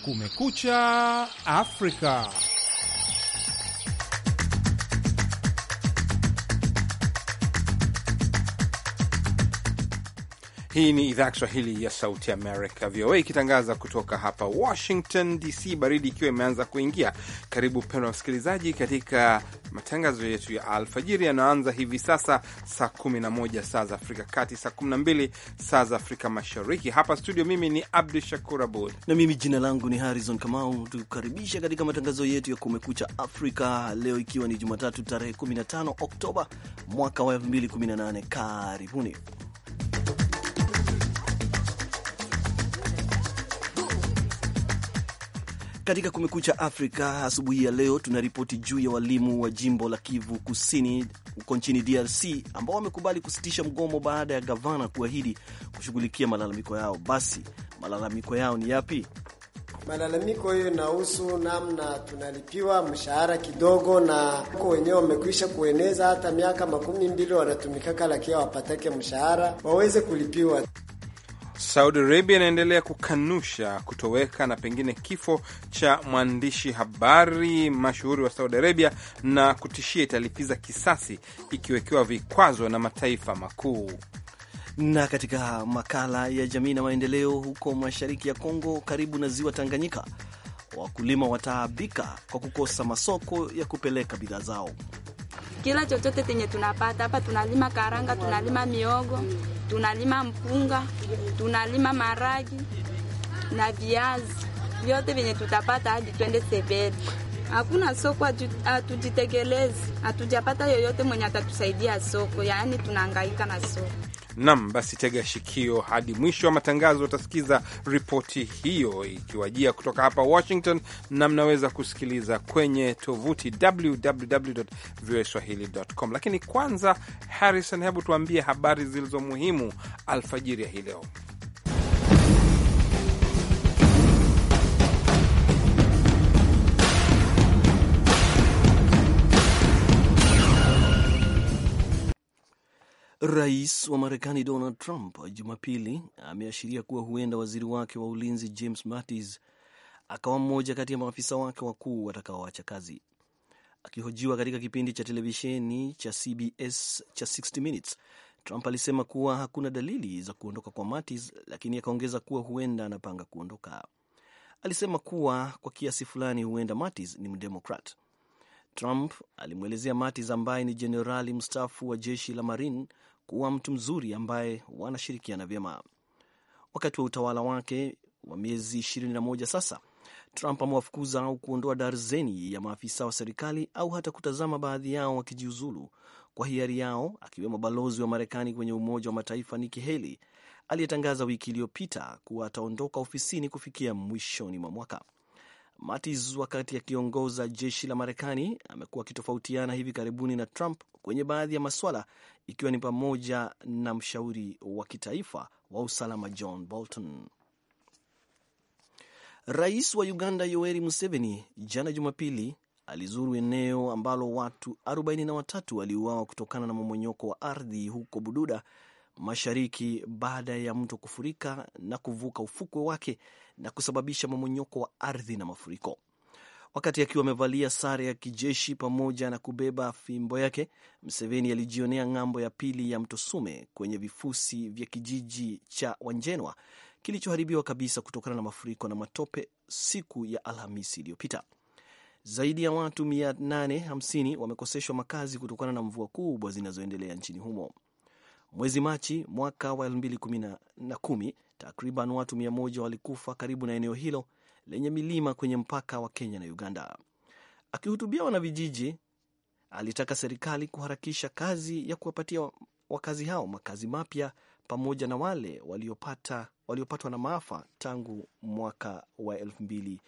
Kumekucha Afrika. Hii ni idhaa ya Kiswahili ya Sauti Amerika, VOA, ikitangaza kutoka hapa Washington DC, baridi ikiwa imeanza kuingia. Karibu pendwa msikilizaji, katika matangazo yetu ya alfajiri yanaanza hivi sasa saa 11 saa za Afrika Kati, saa 12 saa za Afrika Mashariki. Hapa studio, mimi ni Abdu Shakur Abud na mimi jina langu ni Harrison Kamau, tukukaribisha katika matangazo yetu ya Kumekucha Afrika leo ikiwa ni Jumatatu tarehe 15 Oktoba mwaka wa 2018. Karibuni. Katika Kumekucha Afrika asubuhi ya leo, tuna ripoti juu ya walimu wa jimbo la Kivu Kusini huko nchini DRC ambao wamekubali kusitisha mgomo baada ya gavana kuahidi kushughulikia malalamiko yao. Basi malalamiko yao ni yapi? Malalamiko hiyo inahusu namna tunalipiwa mshahara kidogo, na huko wenyewe wamekwisha kueneza hata miaka makumi mbili wanatumikaka, lakini hawapatake mshahara waweze kulipiwa. Saudi Arabia inaendelea kukanusha kutoweka na pengine kifo cha mwandishi habari mashuhuri wa Saudi Arabia na kutishia italipiza kisasi ikiwekewa vikwazo na mataifa makuu. Na katika makala ya jamii na maendeleo, huko mashariki ya Kongo karibu na ziwa Tanganyika, wakulima wataabika kwa kukosa masoko ya kupeleka bidhaa zao kila chochote tenye tunapata hapa. Tunalima karanga, tunalima miogo, tunalima mpunga, tunalima maragi na viazi, vyote vyenye tutapata hadi twende sebeli. Hakuna soko, hatujitegelezi, hatujapata yoyote mwenye atatusaidia soko, yaani tunahangaika na soko. Nam, basi tega shikio hadi mwisho wa matangazo. Utasikiza ripoti hiyo ikiwajia kutoka hapa Washington, na mnaweza kusikiliza kwenye tovuti www swahilicom Lakini kwanza, Harrison, hebu tuambie habari zilizo muhimu alfajiri ya hii leo. Rais wa Marekani Donald Trump Jumapili ameashiria kuwa huenda waziri wake wa ulinzi James Mattis akawa mmoja kati ya maafisa wake wakuu watakaoacha kazi. Akihojiwa katika kipindi cha televisheni cha CBS cha 60 Minutes, Trump alisema kuwa hakuna dalili za kuondoka kwa Mattis, lakini akaongeza kuwa huenda anapanga kuondoka. Alisema kuwa kwa kiasi fulani huenda Mattis ni mdemokrat. Trump alimwelezea Mattis ambaye ni jenerali mstaafu wa jeshi la Marine kuwa mtu mzuri ambaye wanashirikiana vyema. Wakati wa utawala wake wa miezi 21 sasa, Trump amewafukuza au kuondoa darzeni ya maafisa wa serikali au hata kutazama baadhi yao wakijiuzulu kwa hiari yao, akiwemo balozi wa Marekani kwenye Umoja wa Mataifa Nikki Haley aliyetangaza wiki iliyopita kuwa ataondoka ofisini kufikia mwishoni mwa mwaka. Mattis, wakati akiongoza jeshi la Marekani, amekuwa akitofautiana hivi karibuni na Trump kwenye baadhi ya maswala, ikiwa ni pamoja na mshauri wa kitaifa wa usalama John Bolton. Rais wa Uganda Yoweri Museveni jana Jumapili alizuru eneo ambalo watu 43 waliuawa kutokana na momonyoko wa ardhi huko Bududa mashariki baada ya mto kufurika na kuvuka ufukwe wake na kusababisha mamonyoko wa ardhi na mafuriko. Wakati akiwa amevalia sare ya kijeshi pamoja na kubeba fimbo yake, Mseveni alijionea ng'ambo ya pili ya mto Sume kwenye vifusi vya kijiji cha Wanjenwa kilichoharibiwa kabisa kutokana na mafuriko na matope siku ya Alhamisi iliyopita. Zaidi ya watu 850 wamekoseshwa makazi kutokana na mvua kubwa zinazoendelea nchini humo. Mwezi Machi mwaka wa 2010 takriban watu 100 walikufa karibu na eneo hilo lenye milima kwenye mpaka wa Kenya na Uganda. Akihutubia wanavijiji, alitaka serikali kuharakisha kazi ya kuwapatia wakazi hao makazi mapya pamoja na wale waliopata waliopatwa na maafa tangu mwaka wa mbili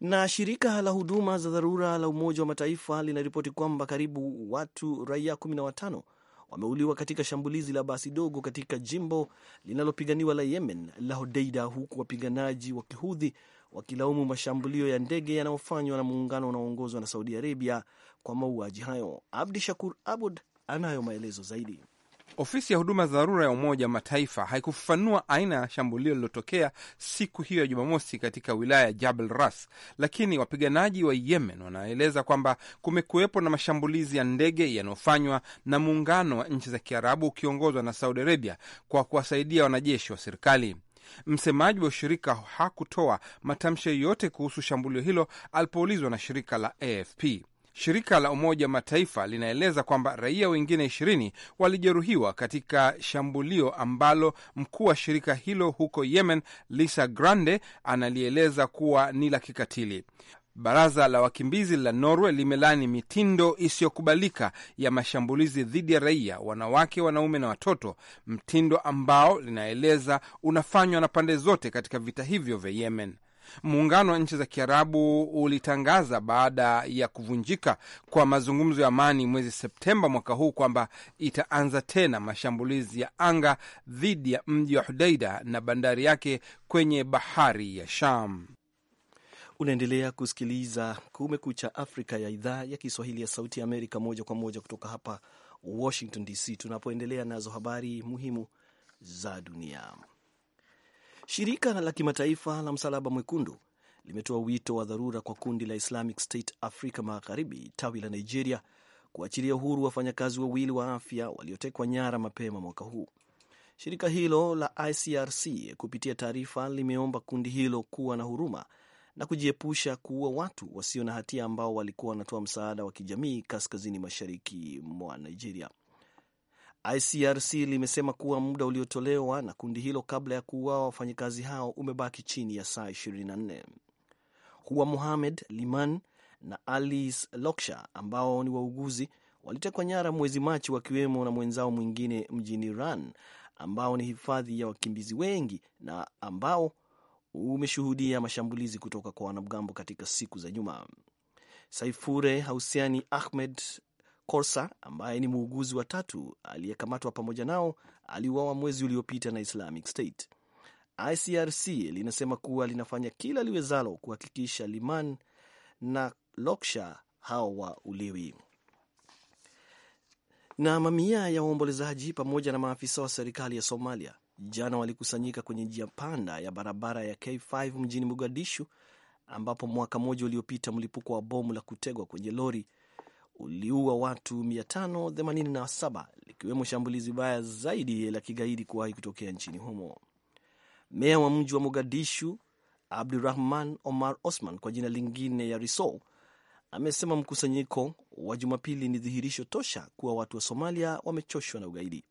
na shirika la huduma za dharura la Umoja wa Mataifa linaripoti kwamba karibu watu raia watano wameuliwa katika shambulizi la basi dogo katika jimbo linalopiganiwa la Yemen la Hodeida, huku wapiganaji wa kihudhi wakilaumu mashambulio ya ndege yanayofanywa na muungano unaoongozwa na Saudi Arabia kwa mauaji hayo. Abdi Shakur Abud anayo maelezo zaidi. Ofisi ya huduma za dharura ya Umoja wa Mataifa haikufafanua aina ya shambulio lililotokea siku hiyo ya Jumamosi katika wilaya ya Jabal Ras, lakini wapiganaji wa Yemen wanaeleza kwamba kumekuwepo na mashambulizi ya ndege yanayofanywa na muungano wa nchi za Kiarabu ukiongozwa na Saudi Arabia kwa kuwasaidia wanajeshi wa serikali. Msemaji wa ushirika hakutoa matamshi yoyote kuhusu shambulio hilo alipoulizwa na shirika la AFP. Shirika la Umoja Mataifa linaeleza kwamba raia wengine ishirini walijeruhiwa katika shambulio ambalo mkuu wa shirika hilo huko Yemen, Lisa Grande, analieleza kuwa ni la kikatili. Baraza la wakimbizi la Norway limelani mitindo isiyokubalika ya mashambulizi dhidi ya raia, wanawake, wanaume na watoto, mtindo ambao linaeleza unafanywa na pande zote katika vita hivyo vya Yemen. Muungano wa nchi za Kiarabu ulitangaza baada ya kuvunjika kwa mazungumzo ya amani mwezi Septemba mwaka huu kwamba itaanza tena mashambulizi ya anga dhidi ya mji wa Hudaida na bandari yake kwenye bahari ya Sham. Unaendelea kusikiliza Kumekucha Afrika ya idhaa ya Kiswahili ya Sauti ya Amerika, moja kwa moja kutoka hapa Washington DC, tunapoendelea nazo habari muhimu za dunia. Shirika la kimataifa la Msalaba Mwekundu limetoa wito wa dharura kwa kundi la Islamic State Afrika Magharibi tawi la Nigeria kuachilia uhuru wafanyakazi wawili wa afya waliotekwa nyara mapema mwaka huu. Shirika hilo la ICRC kupitia taarifa limeomba kundi hilo kuwa na huruma na kujiepusha kuua watu wasio na hatia ambao walikuwa wanatoa msaada wa kijamii kaskazini mashariki mwa Nigeria. ICRC limesema kuwa muda uliotolewa na kundi hilo kabla ya kuuawa wafanyakazi hao umebaki chini ya saa 24. Huwa muhamed Liman na Alice Loksha ambao ni wauguzi walitekwa nyara mwezi Machi wakiwemo na mwenzao mwingine mjini ran ambao ni hifadhi ya wakimbizi wengi na ambao umeshuhudia mashambulizi kutoka kwa wanamgambo katika siku za nyuma. Saifure Hausiani Ahmed Korsa ambaye ni muuguzi wa tatu aliyekamatwa pamoja nao aliuawa mwezi uliopita na Islamic State. ICRC linasema kuwa linafanya kila liwezalo kuhakikisha Liman na Loksha hao wa uliwi Na mamia ya waombolezaji pamoja na maafisa wa serikali ya Somalia jana walikusanyika kwenye njia panda ya barabara ya K5 mjini Mogadishu ambapo mwaka mmoja uliopita mlipuko wa bomu la kutegwa kwenye lori uliua watu 587 likiwemo shambulizi baya zaidi la kigaidi kuwahi kutokea nchini humo. Meya wa mji wa Mogadishu Abdurahman Omar Osman kwa jina lingine ya Riso amesema mkusanyiko wa Jumapili ni dhihirisho tosha kuwa watu wa Somalia wamechoshwa na ugaidi.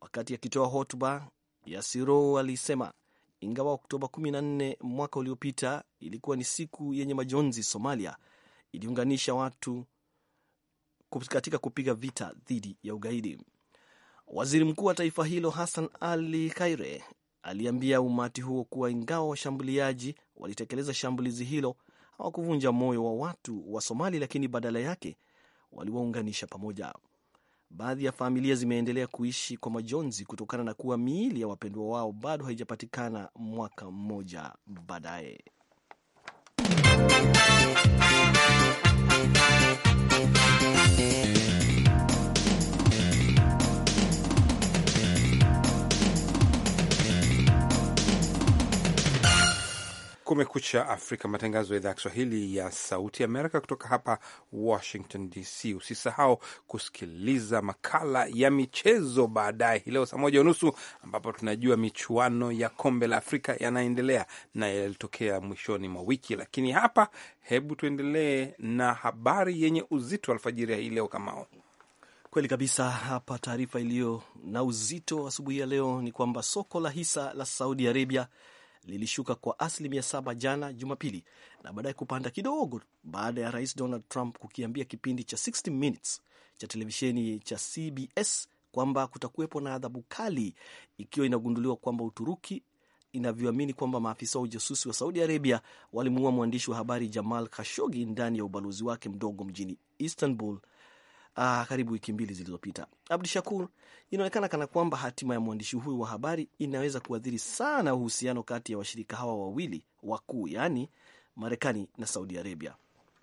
Wakati akitoa hotuba Yasiro alisema ingawa Oktoba 14 mwaka uliopita ilikuwa ni siku yenye majonzi, Somalia iliunganisha watu katika kupiga vita dhidi ya ugaidi. Waziri mkuu wa taifa hilo Hassan Ali Kaire aliambia umati huo kuwa ingawa washambuliaji walitekeleza shambulizi hilo hawakuvunja moyo wa watu wa Somali, lakini badala yake waliwaunganisha pamoja. Baadhi ya familia zimeendelea kuishi kwa majonzi kutokana na kuwa miili ya wapendwa wao bado haijapatikana mwaka mmoja baadaye. Kumekucha Afrika, matangazo ya idhaa ya Kiswahili ya Sauti Amerika kutoka hapa Washington DC. Usisahau kusikiliza makala ya michezo baadaye hii leo saa moja unusu ambapo tunajua michuano ya kombe la Afrika yanaendelea na yalitokea mwishoni mwa wiki, lakini hapa, hebu tuendelee na habari yenye uzito alfajiri ya hii leo. Kamao, kweli kabisa. Hapa taarifa iliyo na uzito asubuhi ya leo ni kwamba soko la hisa la Saudi Arabia lilishuka kwa asilimia saba jana Jumapili na baadaye kupanda kidogo baada ya rais Donald Trump kukiambia kipindi cha 60 Minutes cha televisheni cha CBS kwamba kutakuwepo na adhabu kali ikiwa inagunduliwa kwamba Uturuki inavyoamini kwamba maafisa wa ujasusi wa Saudi Arabia walimuua mwandishi wa habari Jamal Khashoggi ndani ya ubalozi wake mdogo mjini Istanbul ah, karibu wiki mbili zilizopita. Abdu Shakur, inaonekana kana kwamba hatima ya mwandishi huyu wa habari inaweza kuathiri sana uhusiano kati ya washirika hawa wawili wakuu, yaani Marekani na Saudi Arabia.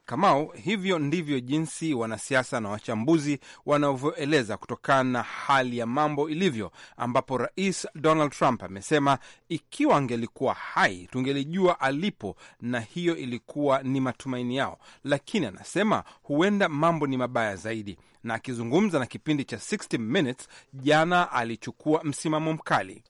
Kamau, hivyo ndivyo jinsi wanasiasa na wachambuzi wanavyoeleza kutokana na hali ya mambo ilivyo, ambapo Rais Donald Trump amesema ikiwa angelikuwa hai tungelijua alipo, na hiyo ilikuwa ni matumaini yao, lakini anasema huenda mambo ni mabaya zaidi na akizungumza na kipindi cha 60 Minutes jana alichukua msimamo mkali.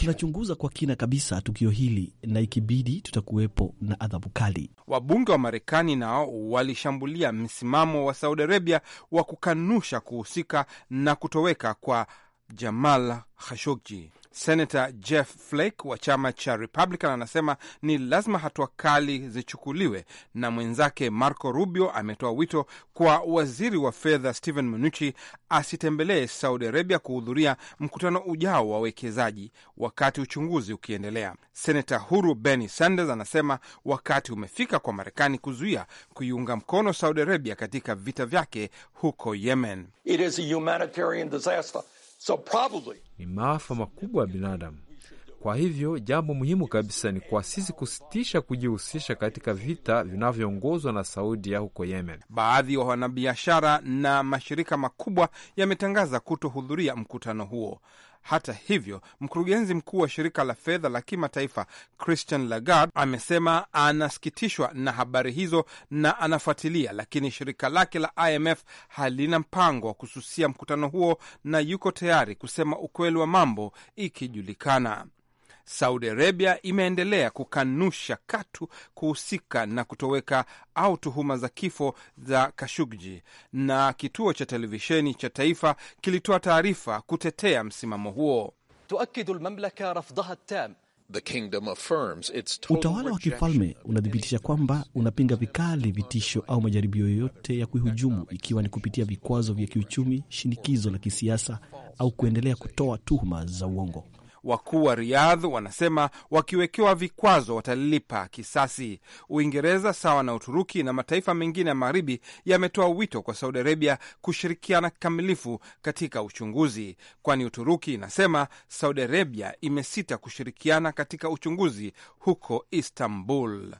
Tunachunguza kwa kina kabisa tukio hili na ikibidi tutakuwepo na adhabu kali. Wabunge wa Marekani nao walishambulia msimamo wa Saudi Arabia wa kukanusha kuhusika na kutoweka kwa Jamal Khashoggi. Senator Jeff Flake wa chama cha Republican anasema ni lazima hatua kali zichukuliwe, na mwenzake Marco Rubio ametoa wito kwa waziri wa fedha Stephen Mnuchin asitembelee Saudi Arabia kuhudhuria mkutano ujao wa wawekezaji, wakati uchunguzi ukiendelea. Senata huru Bernie Sanders anasema wakati umefika kwa Marekani kuzuia kuiunga mkono Saudi Arabia katika vita vyake huko Yemen. It is a humanitarian disaster. So probably, ni maafa makubwa ya binadamu. Kwa hivyo jambo muhimu kabisa ni kwa sisi kusitisha kujihusisha katika vita vinavyoongozwa na Saudia huko Yemen. Baadhi ya wanabiashara na mashirika makubwa yametangaza kutohudhuria mkutano huo. Hata hivyo, mkurugenzi mkuu wa shirika la fedha la kimataifa Christian Lagarde amesema anasikitishwa na habari hizo na anafuatilia, lakini shirika lake la IMF halina mpango wa kususia mkutano huo na yuko tayari kusema ukweli wa mambo ikijulikana. Saudi Arabia imeendelea kukanusha katu kuhusika na kutoweka au tuhuma za kifo za Kashugji, na kituo cha televisheni cha taifa kilitoa taarifa kutetea msimamo huo. Utawala wa kifalme unathibitisha kwamba unapinga vikali vitisho au majaribio yoyote ya kuihujumu, ikiwa ni kupitia vikwazo vya kiuchumi, shinikizo la kisiasa, au kuendelea kutoa tuhuma za uongo. Wakuu wa Riyadh wanasema wakiwekewa vikwazo watalipa kisasi. Uingereza sawa na Uturuki na mataifa mengine ya Magharibi yametoa wito kwa Saudi Arabia kushirikiana kikamilifu katika uchunguzi, kwani Uturuki inasema Saudi Arabia imesita kushirikiana katika uchunguzi huko Istanbul.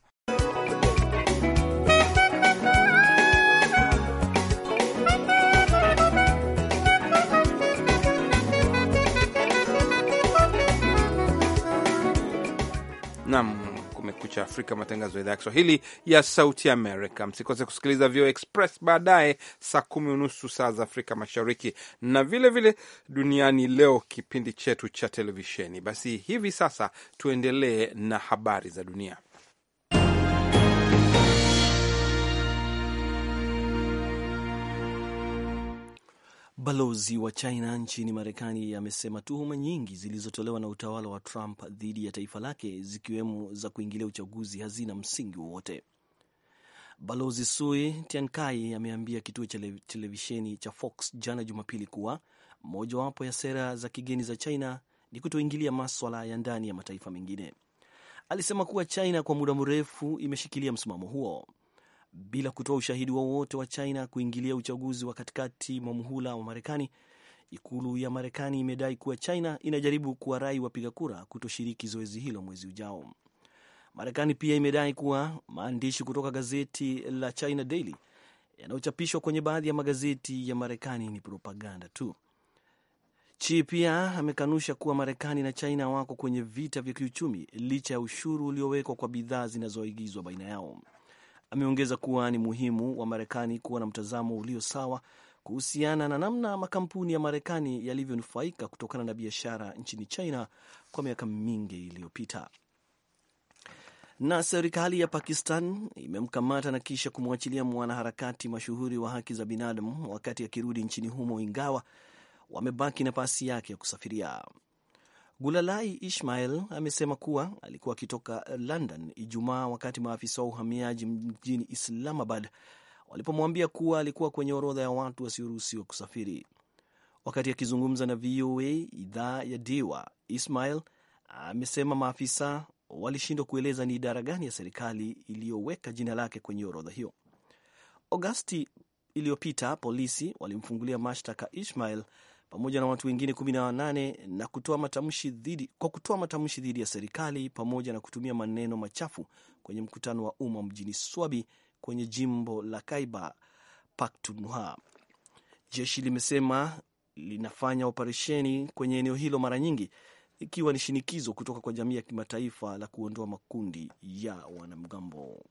Nam, Kumekucha Afrika, matangazo ya idhaa ya Kiswahili ya Sauti Amerika. Msikose kusikiliza VOA Express baadaye saa kumi unusu saa za Afrika Mashariki, na vilevile vile Duniani Leo, kipindi chetu cha televisheni. Basi hivi sasa tuendelee na habari za dunia. Balozi wa China nchini Marekani amesema tuhuma nyingi zilizotolewa na utawala wa Trump dhidi ya taifa lake zikiwemo za kuingilia uchaguzi hazina msingi wowote. Balozi Sui Tiankai ameambia kituo cha televisheni cha Fox jana Jumapili kuwa mojawapo ya sera za kigeni za China ni kutoingilia maswala ya ndani ya mataifa mengine. Alisema kuwa China kwa muda mrefu imeshikilia msimamo huo bila kutoa ushahidi wowote wa, wa China kuingilia uchaguzi wa katikati mwa muhula wa Marekani. Ikulu ya Marekani imedai kuwa China inajaribu kuwarai wapiga kura kutoshiriki zoezi hilo mwezi ujao. Marekani pia imedai kuwa maandishi kutoka gazeti la China Daily yanayochapishwa kwenye baadhi ya magazeti ya Marekani ni propaganda tu. Chi pia amekanusha kuwa Marekani na China wako kwenye vita vya kiuchumi licha ya ushuru uliowekwa kwa bidhaa zinazoagizwa baina yao. Ameongeza kuwa ni muhimu wa Marekani kuwa na mtazamo ulio sawa kuhusiana na namna makampuni ya Marekani yalivyonufaika kutokana na biashara nchini China kwa miaka mingi iliyopita. Na serikali ya Pakistan imemkamata na kisha kumwachilia mwanaharakati mashuhuri wa haki za binadamu wakati akirudi nchini humo, ingawa wamebaki na pasi yake ya kusafiria. Gulalai Ismail amesema kuwa alikuwa akitoka London Ijumaa wakati maafisa wa uhamiaji mjini Islamabad walipomwambia kuwa alikuwa kwenye orodha ya watu wasioruhusiwa kusafiri. Wakati akizungumza na VOA idhaa ya Diwa, Ismail amesema maafisa walishindwa kueleza ni idara gani ya serikali iliyoweka jina lake kwenye orodha hiyo. Agosti iliyopita polisi walimfungulia mashtaka Ismail pamoja na watu wengine 18 na kutoa matamshi dhidi, kwa kutoa matamshi dhidi ya serikali pamoja na kutumia maneno machafu kwenye mkutano wa umma mjini Swabi kwenye jimbo la Kaiba Pakhtunkhwa. Jeshi limesema linafanya operesheni kwenye eneo hilo mara nyingi, ikiwa ni shinikizo kutoka kwa jamii ya kimataifa la kuondoa makundi ya wanamgambo.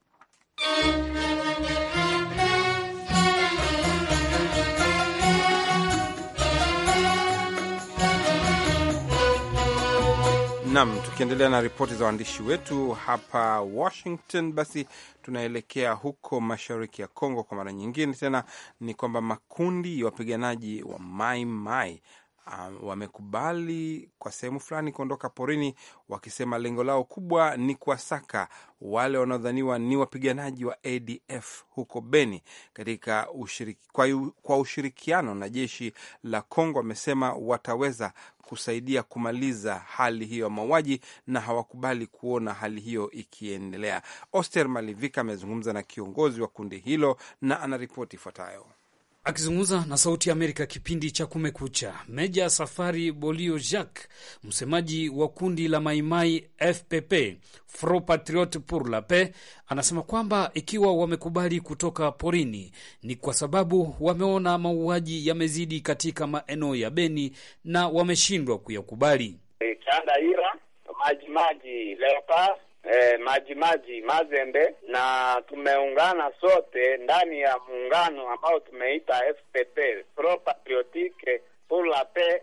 Nam, tukiendelea na ripoti za waandishi wetu hapa Washington, basi tunaelekea huko mashariki ya Kongo kwa mara nyingine tena. Ni kwamba makundi ya wapiganaji wa Mai Mai um, wamekubali kwa sehemu fulani kuondoka porini, wakisema lengo lao kubwa ni kuwasaka wale wanaodhaniwa ni wapiganaji wa ADF huko Beni katika ushiriki, kwa, kwa ushirikiano na jeshi la Kongo. Wamesema wataweza kusaidia kumaliza hali hiyo ya mauaji na hawakubali kuona hali hiyo ikiendelea. Oster Malivika amezungumza na kiongozi wa kundi hilo na anaripoti ifuatayo. Akizungumza na Sauti ya Amerika kipindi cha Kumekucha, Meja Safari Bolio Jacques, msemaji wa kundi la Maimai FPP, Front Patriote pour la Paix, anasema kwamba ikiwa wamekubali kutoka porini ni kwa sababu wameona mauaji yamezidi katika maeneo ya Beni na wameshindwa kuyakubali. Chandaira, Majimaji Leopard eh, maji maji Mazembe, na tumeungana sote ndani ya muungano ambao tumeita FPP, Pro Patriotique pour la Paix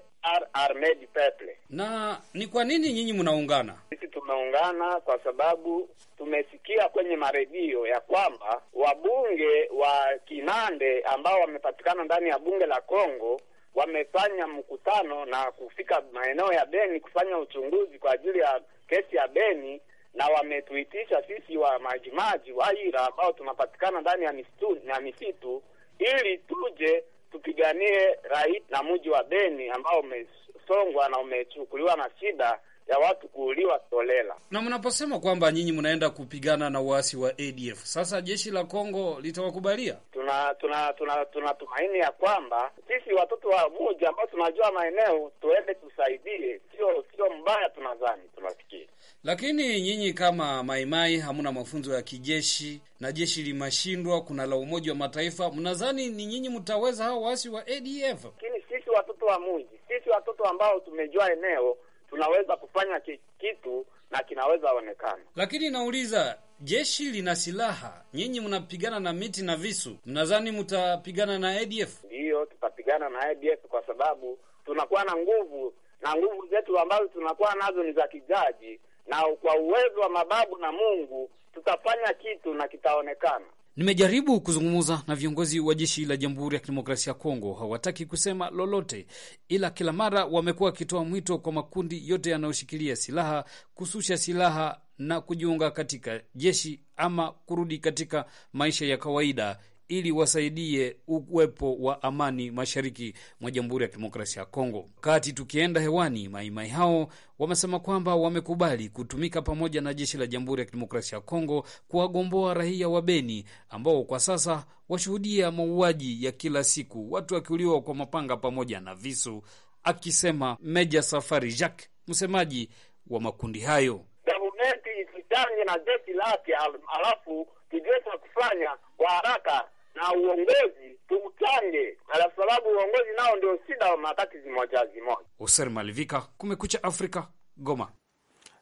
Armee du Peuple. Na ni kwa nini nyinyi mnaungana? Sisi tumeungana kwa sababu tumesikia kwenye maredio ya kwamba wabunge wa Kinande ambao wamepatikana ndani ya bunge la Kongo wamefanya mkutano na kufika maeneo ya Beni kufanya uchunguzi kwa ajili ya kesi ya Beni na wametuitisha sisi wa majimaji waira ambao tunapatikana ndani ya misitu na misitu, ili tuje tupiganie rais na mji wa Beni ambao umesongwa na umechukuliwa na shida ya watu kuuliwa tolela. Na mnaposema kwamba nyinyi mnaenda kupigana na waasi wa ADF, sasa jeshi la Kongo litawakubalia? Tuna tuna tuna tunatumaini ya kwamba sisi watoto wa muji ambao tunajua maeneo tuende tusaidie, sio sio mbaya, tunadhani tunafikiri lakini nyinyi kama Maimai hamna mafunzo ya kijeshi na jeshi limashindwa, kuna la Umoja wa Mataifa, mnadhani ni nyinyi mtaweza hao waasi wa ADF? Lakini sisi watoto wa mji, sisi watoto ambao tumejua eneo, tunaweza kufanya kitu na kinaweza onekana. Lakini nauliza jeshi lina silaha, nyinyi mnapigana na miti na visu, mnadhani mtapigana na ADF? Ndiyo, tutapigana na ADF kwa sababu tunakuwa na nguvu na nguvu zetu ambazo tunakuwa nazo ni za kijaji na kwa uwezo wa mababu na Mungu tutafanya kitu na kitaonekana. Nimejaribu kuzungumza na viongozi wa jeshi la Jamhuri ya Kidemokrasia ya Kongo, hawataki kusema lolote, ila kila mara wamekuwa wakitoa mwito kwa makundi yote yanayoshikilia silaha kususha silaha na kujiunga katika jeshi ama kurudi katika maisha ya kawaida ili wasaidie uwepo wa amani mashariki mwa Jamhuri ya Kidemokrasia ya Kongo. Wakati tukienda hewani, maimai hao wamesema kwamba wamekubali kutumika pamoja na jeshi la Jamhuri ya Kidemokrasia ya Kongo kuwagomboa raia wa Beni ambao kwa sasa washuhudia mauaji ya kila siku, watu wakiuliwa kwa mapanga pamoja na visu, akisema Meja Safari Jacques, msemaji wa makundi hayo. Gavumenti na jeshi lake, alafu tujue cha kufanya kwa haraka na uongozi tuutange, ala sababu uongozi nao ndio shida wa wakati zimoja zimoja. Oser Malivika, Kumekucha Afrika, Goma.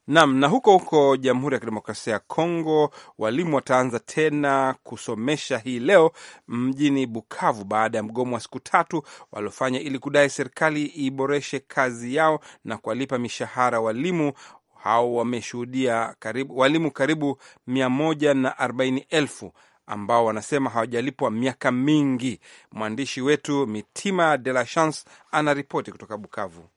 Nam, na huko huko Jamhuri ya Kidemokrasia ya Kongo, walimu wataanza tena kusomesha hii leo mjini Bukavu baada ya mgomo wa siku tatu waliofanya ili kudai serikali iboreshe kazi yao na kuwalipa mishahara walimu hao. Wameshuhudia karibu, walimu karibu mia moja na arobaini elfu ambao wanasema hawajalipwa miaka mingi. Mwandishi wetu Mitima De La Chance anaripoti kutoka Bukavu.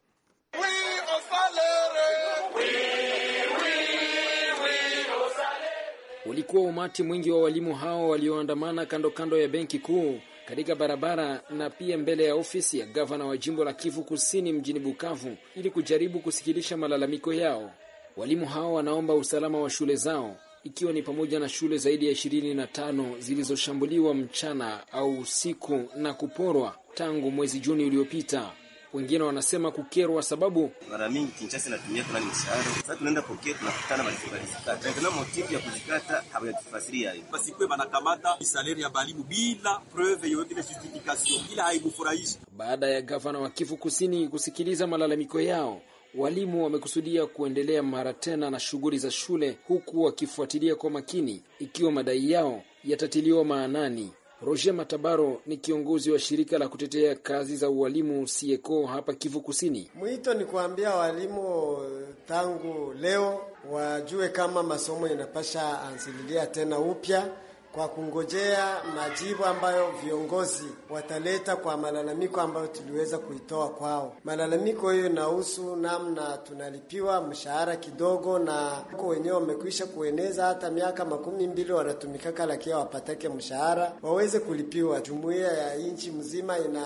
Ulikuwa umati mwingi wa walimu hao walioandamana kando kando ya benki kuu katika barabara na pia mbele ya ofisi ya gavana wa jimbo la Kivu Kusini mjini Bukavu ili kujaribu kusikilisha malalamiko yao. Walimu hao wanaomba usalama wa shule zao ikiwa ni pamoja na shule zaidi ya ishirini na tano zilizoshambuliwa mchana au usiku na kuporwa tangu mwezi Juni uliopita. Wengine wanasema kukerwa, sababu mara mingi Kinshasa inatumia fulani mshahara. Sasa tunaenda pokea, tunakutana balizikata tena motivu ya kuzikata hawajatufasiria hivi, basi kwe banakamata salari ya balimu bila preuve yoyote ya justification, ila haimfurahishi. Baada ya gavana wa Kivu Kusini kusikiliza malalamiko yao Walimu wamekusudia kuendelea mara tena na shughuli za shule huku wakifuatilia kwa makini ikiwa madai yao yatatiliwa maanani. Roger Matabaro ni kiongozi wa shirika la kutetea kazi za ualimu Sieko hapa Kivu Kusini. Mwito ni kuambia walimu eh, tangu leo wajue kama masomo inapasha anzililia tena upya kwa kungojea majibu ambayo viongozi wataleta kwa malalamiko ambayo tuliweza kuitoa kwao. Malalamiko hiyo inahusu namna tunalipiwa mshahara kidogo, na ko wenyewe wamekwisha kueneza hata miaka makumi mbili wanatumikaka, lakini wapateke mshahara waweze kulipiwa. Jumuiya ya nchi mzima ina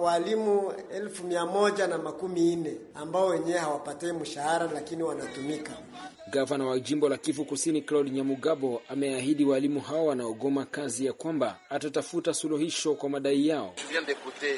walimu elfu mia moja na makumi nne ambao wenyewe hawapatei mshahara, lakini wanatumika Gavana wa jimbo la Kivu Kusini Claude Nyamugabo ameahidi waalimu hawa wanaogoma kazi ya kwamba atatafuta suluhisho kwa madai yao. Euh,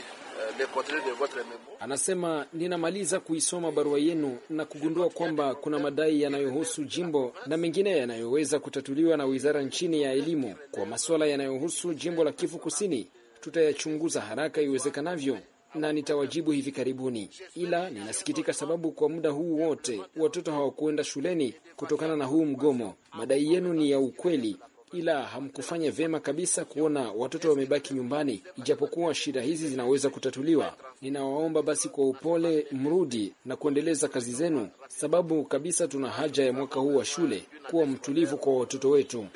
Anasema, ninamaliza kuisoma barua yenu na kugundua kwamba kuna madai yanayohusu jimbo na mengine yanayoweza kutatuliwa na wizara nchini ya elimu. Kwa masuala yanayohusu jimbo la Kivu Kusini tutayachunguza haraka iwezekanavyo na nitawajibu hivi karibuni, ila ninasikitika sababu kwa muda huu wote watoto hawakuenda shuleni kutokana na huu mgomo. Madai yenu ni ya ukweli, ila hamkufanya vyema kabisa kuona watoto wamebaki nyumbani, ijapokuwa shida hizi zinaweza kutatuliwa. Ninawaomba basi kwa upole mrudi na kuendeleza kazi zenu, sababu kabisa tuna haja ya mwaka huu wa shule kuwa mtulivu kwa watoto wetu.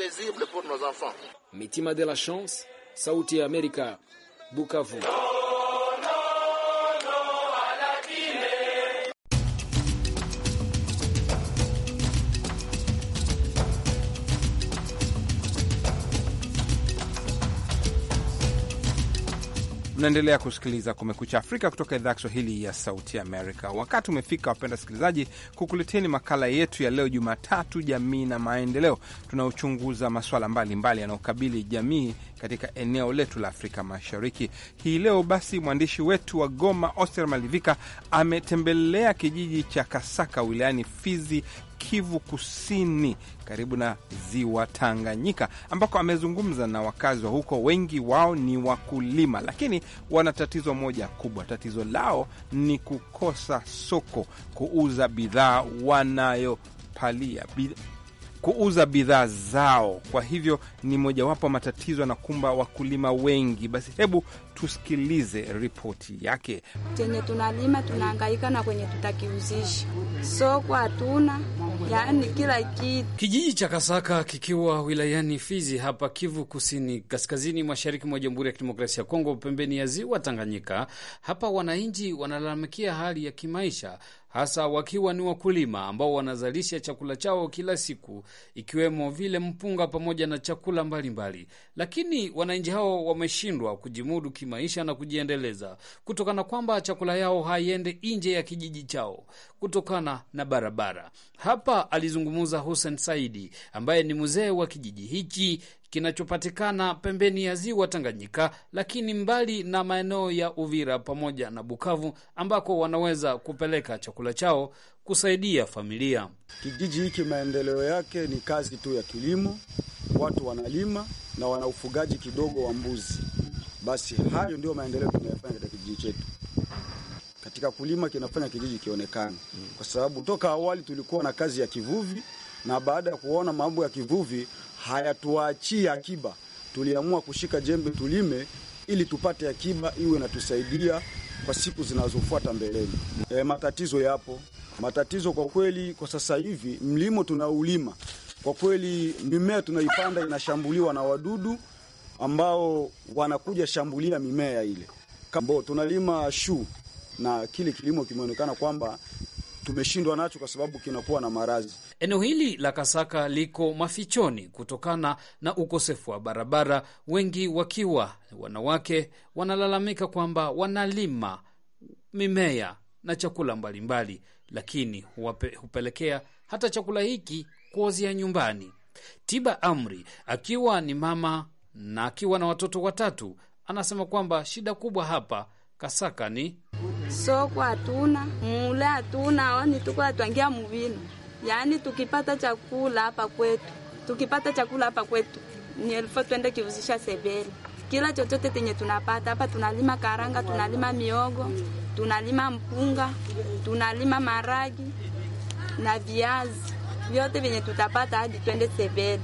Mitima de la Chance, Sauti ya Amerika, Bukavu. Mnaendelea kusikiliza Kumekucha Afrika kutoka idhaa ya Kiswahili ya Sauti Amerika. Wakati umefika, wapenda sikilizaji kukuleteni makala yetu ya leo Jumatatu, Jamii na Maendeleo, tunaochunguza maswala mbalimbali yanayokabili jamii katika eneo letu la Afrika Mashariki. Hii leo basi, mwandishi wetu wa Goma, Oster Malivika, ametembelea kijiji cha Kasaka wilayani Fizi Kivu Kusini, karibu na ziwa Tanganyika, ambako amezungumza na wakazi wa huko. Wengi wao ni wakulima, lakini wana tatizo moja kubwa. Tatizo lao ni kukosa soko kuuza bidhaa wanayopalia kuuza bidhaa zao. Kwa hivyo ni mojawapo matatizo yanakumba wakulima wengi. Basi hebu tusikilize ripoti yake. Chenye tunalima tunaangaika na kwenye tutakiuzisha, soko hatuna yani kila kitu. Kijiji cha Kasaka kikiwa wilayani Fizi hapa Kivu Kusini, kaskazini mashariki mwa Jamhuri ya Kidemokrasia ya Kongo, pembeni ya ziwa Tanganyika. Hapa wananchi wanalalamikia hali ya kimaisha hasa wakiwa ni wakulima ambao wanazalisha chakula chao kila siku, ikiwemo vile mpunga pamoja na chakula mbalimbali mbali. Lakini wananchi hao wameshindwa kujimudu kimaisha na kujiendeleza kutokana kwamba chakula yao haiende nje ya kijiji chao kutokana na barabara. Hapa alizungumza Hussein Saidi ambaye ni mzee wa kijiji hichi kinachopatikana pembeni ya ziwa Tanganyika, lakini mbali na maeneo ya Uvira pamoja na Bukavu ambako wanaweza kupeleka chakula chao kusaidia familia. Kijiji hiki maendeleo yake ni kazi tu ya kilimo, watu wanalima na wana ufugaji kidogo wa mbuzi. Basi hayo ndio maendeleo tunayofanya katika kijiji chetu. Katika kulima kinafanya kijiji kionekane, kwa sababu toka awali tulikuwa na kazi ya kivuvi, na baada ya kuona mambo ya kivuvi hayatuachii akiba. Tuliamua kushika jembe tulime, ili tupate akiba iwe natusaidia kwa siku zinazofuata mbeleni. E, matatizo yapo, matatizo kwa kweli. Kwa sasa hivi mlimo tunaulima kwa kweli, mimea tunaipanda inashambuliwa na wadudu ambao wanakuja shambulia mimea ile. Kambo tunalima shu na kile kilimo kimeonekana kwamba tumeshindwa nacho kwa sababu kinakuwa na maradhi. Eneo hili la Kasaka liko mafichoni kutokana na ukosefu wa barabara, wengi wakiwa wanawake wanalalamika kwamba wanalima mimea na chakula mbalimbali mbali, lakini hupelekea hata chakula hiki kuozia nyumbani. Tiba Amri akiwa ni mama na akiwa na watoto watatu anasema kwamba shida kubwa hapa Kasaka ni soko, hatuna mule hatuna ni yaani tuko atwangia muvino yaani tukipata chakula hapa kwetu, tukipata chakula hapa kwetu ni elfu twende kivuzisha sebele kila chochote tenye tunapata hapa, tunalima karanga, tunalima miogo, tunalima mpunga, tunalima maragi na viazi, vyote vyenye tutapata hadi twende sebele.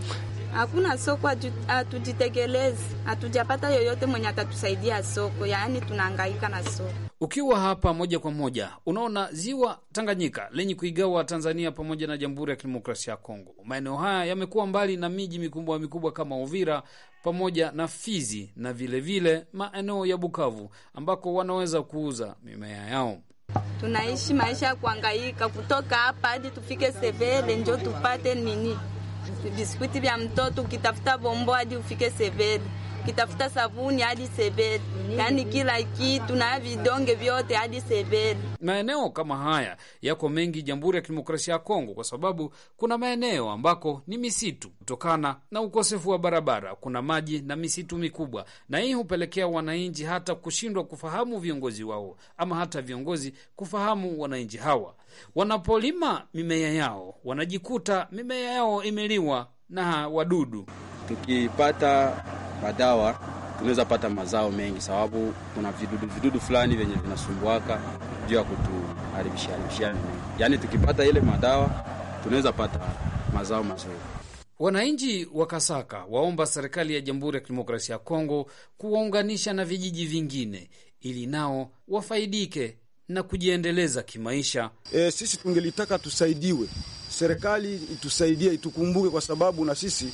Hakuna soko, hatujitegelezi, hatujapata yoyote mwenye atatusaidia soko, yaani tunahangaika na soko. Ukiwa hapa moja kwa moja unaona ziwa Tanganyika lenye kuigawa Tanzania pamoja na Jamhuri ya Kidemokrasia ya Kongo. Maeneo haya yamekuwa mbali na miji mikubwa mikubwa kama Uvira pamoja na Fizi na vilevile maeneo ya Bukavu ambako wanaweza kuuza mimea yao. Tunaishi maisha ya kuangaika kutoka hapa hadi tufike Sevele njo tupate nini biskuti vya mtoto, ukitafuta bombo hadi ufike Severi kitafuta sabuni hadi sebeli, yaani kila kitu na vidonge vyote hadi sebeli. Maeneo kama haya yako mengi Jamhuri ya Kidemokrasia ya Kongo, kwa sababu kuna maeneo ambako ni misitu. Kutokana na ukosefu wa barabara, kuna maji na misitu mikubwa, na hii hupelekea wananchi hata kushindwa kufahamu viongozi wao, ama hata viongozi kufahamu wananchi hawa. Wanapolima mimea yao, wanajikuta mimea yao imeliwa na wadudu. Tukipata madawa tunaweza pata mazao mengi, sababu kuna vidudu vidudu fulani vyenye vinasumbuaka juu ya kutuharibisha haribisha. Yaani tukipata ile madawa tunaweza pata mazao mazuri. Wananchi wa Kasaka waomba serikali ya Jamhuri ya Kidemokrasia ya Kongo kuwaunganisha na vijiji vingine ili nao wafaidike na kujiendeleza kimaisha. E, sisi tungelitaka tusaidiwe, serikali itusaidie, itukumbuke kwa sababu na sisi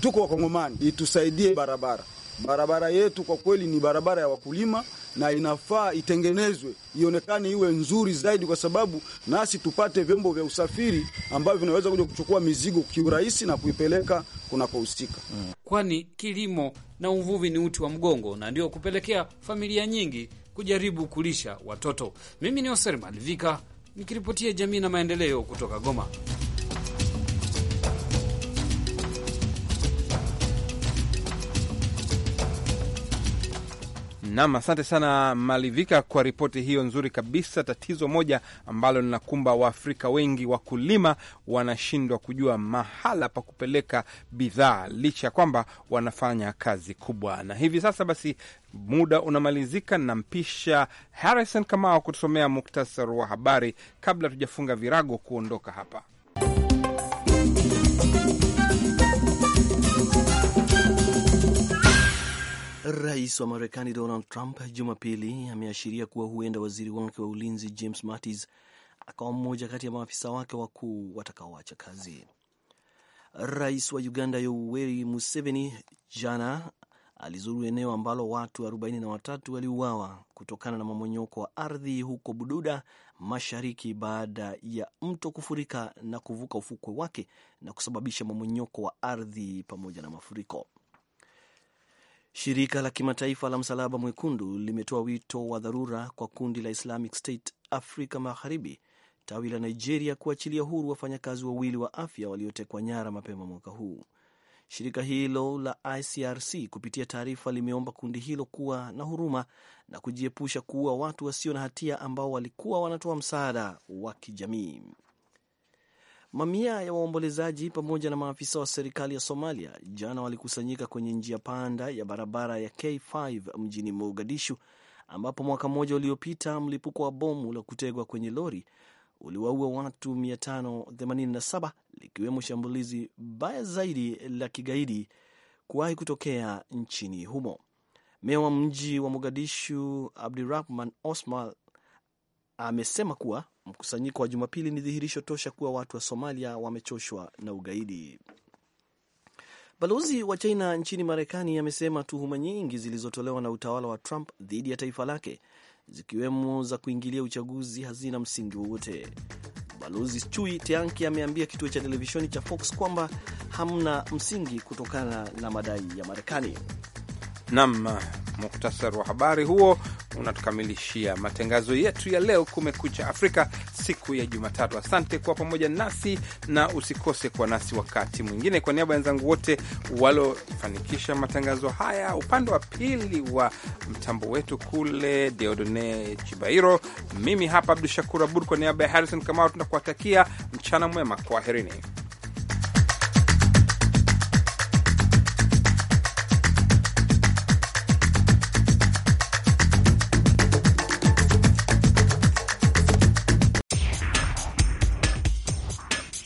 tuko Wakongomani, itusaidie barabara. Barabara yetu kwa kweli ni barabara ya wakulima na inafaa itengenezwe ionekane iwe nzuri zaidi, kwa sababu nasi tupate vyombo vya usafiri ambavyo vinaweza kuja kuchukua mizigo kiurahisi na kuipeleka kunakohusika, mm. kwani kilimo na uvuvi ni uti wa mgongo na ndio kupelekea familia nyingi kujaribu kulisha watoto. Mimi ni Oser Malivika nikiripotia jamii na maendeleo kutoka Goma. Nam, asante sana Malivika kwa ripoti hiyo nzuri kabisa. Tatizo moja ambalo linakumba Waafrika wengi, wakulima wanashindwa kujua mahala pa kupeleka bidhaa, licha ya kwamba wanafanya kazi kubwa. Na hivi sasa basi, muda unamalizika, nampisha Harrison Kamao kutusomea muktasari wa habari kabla tujafunga virago kuondoka hapa. Rais wa Marekani Donald Trump Jumapili ameashiria kuwa huenda waziri wake wa ulinzi James Mattis akawa mmoja kati ya maafisa wake wakuu watakaoacha kazi. Rais wa Uganda Yoweri Museveni jana alizuru eneo ambalo watu 43 waliuawa kutokana na mamonyoko wa ardhi huko Bududa Mashariki baada ya mto kufurika na kuvuka ufukwe wake na kusababisha mamonyoko wa ardhi pamoja na mafuriko. Shirika la kimataifa la Msalaba Mwekundu limetoa wito wa dharura kwa kundi la Islamic State Afrika Magharibi tawi la Nigeria kuachilia huru wafanyakazi wawili wa afya waliotekwa nyara mapema mwaka huu. Shirika hilo la ICRC kupitia taarifa limeomba kundi hilo kuwa na huruma na kujiepusha kuua watu wasio na hatia ambao walikuwa wanatoa msaada wa kijamii. Mamia ya waombolezaji pamoja na maafisa wa serikali ya Somalia jana walikusanyika kwenye njia panda ya barabara ya K5 mjini Mogadishu, ambapo mwaka mmoja uliopita mlipuko wa bomu la kutegwa kwenye lori uliwaua watu 587 likiwemo shambulizi baya zaidi la kigaidi kuwahi kutokea nchini humo. Meya wa mji wa Mogadishu abdurahman osmal amesema kuwa Mkusanyiko wa Jumapili ni dhihirisho tosha kuwa watu wa Somalia wamechoshwa na ugaidi. Balozi wa China nchini Marekani amesema tuhuma nyingi zilizotolewa na utawala wa Trump dhidi ya taifa lake zikiwemo za kuingilia uchaguzi hazina msingi wowote. Balozi Chui Tianki ameambia kituo cha televisheni cha Fox kwamba hamna msingi kutokana na madai ya Marekani. Nam, muktasari wa habari huo unatukamilishia matangazo yetu ya leo Kumekucha Afrika siku ya Jumatatu. Asante kuwa pamoja nasi na usikose kwa nasi wakati mwingine. Kwa niaba ya wenzangu wote waliofanikisha matangazo haya, upande wa pili wa mtambo wetu kule Deodone Chibairo, mimi hapa Abdu Shakur Abud kwa niaba ya Harrison Kamau tunakuwatakia mchana mwema, kwaherini.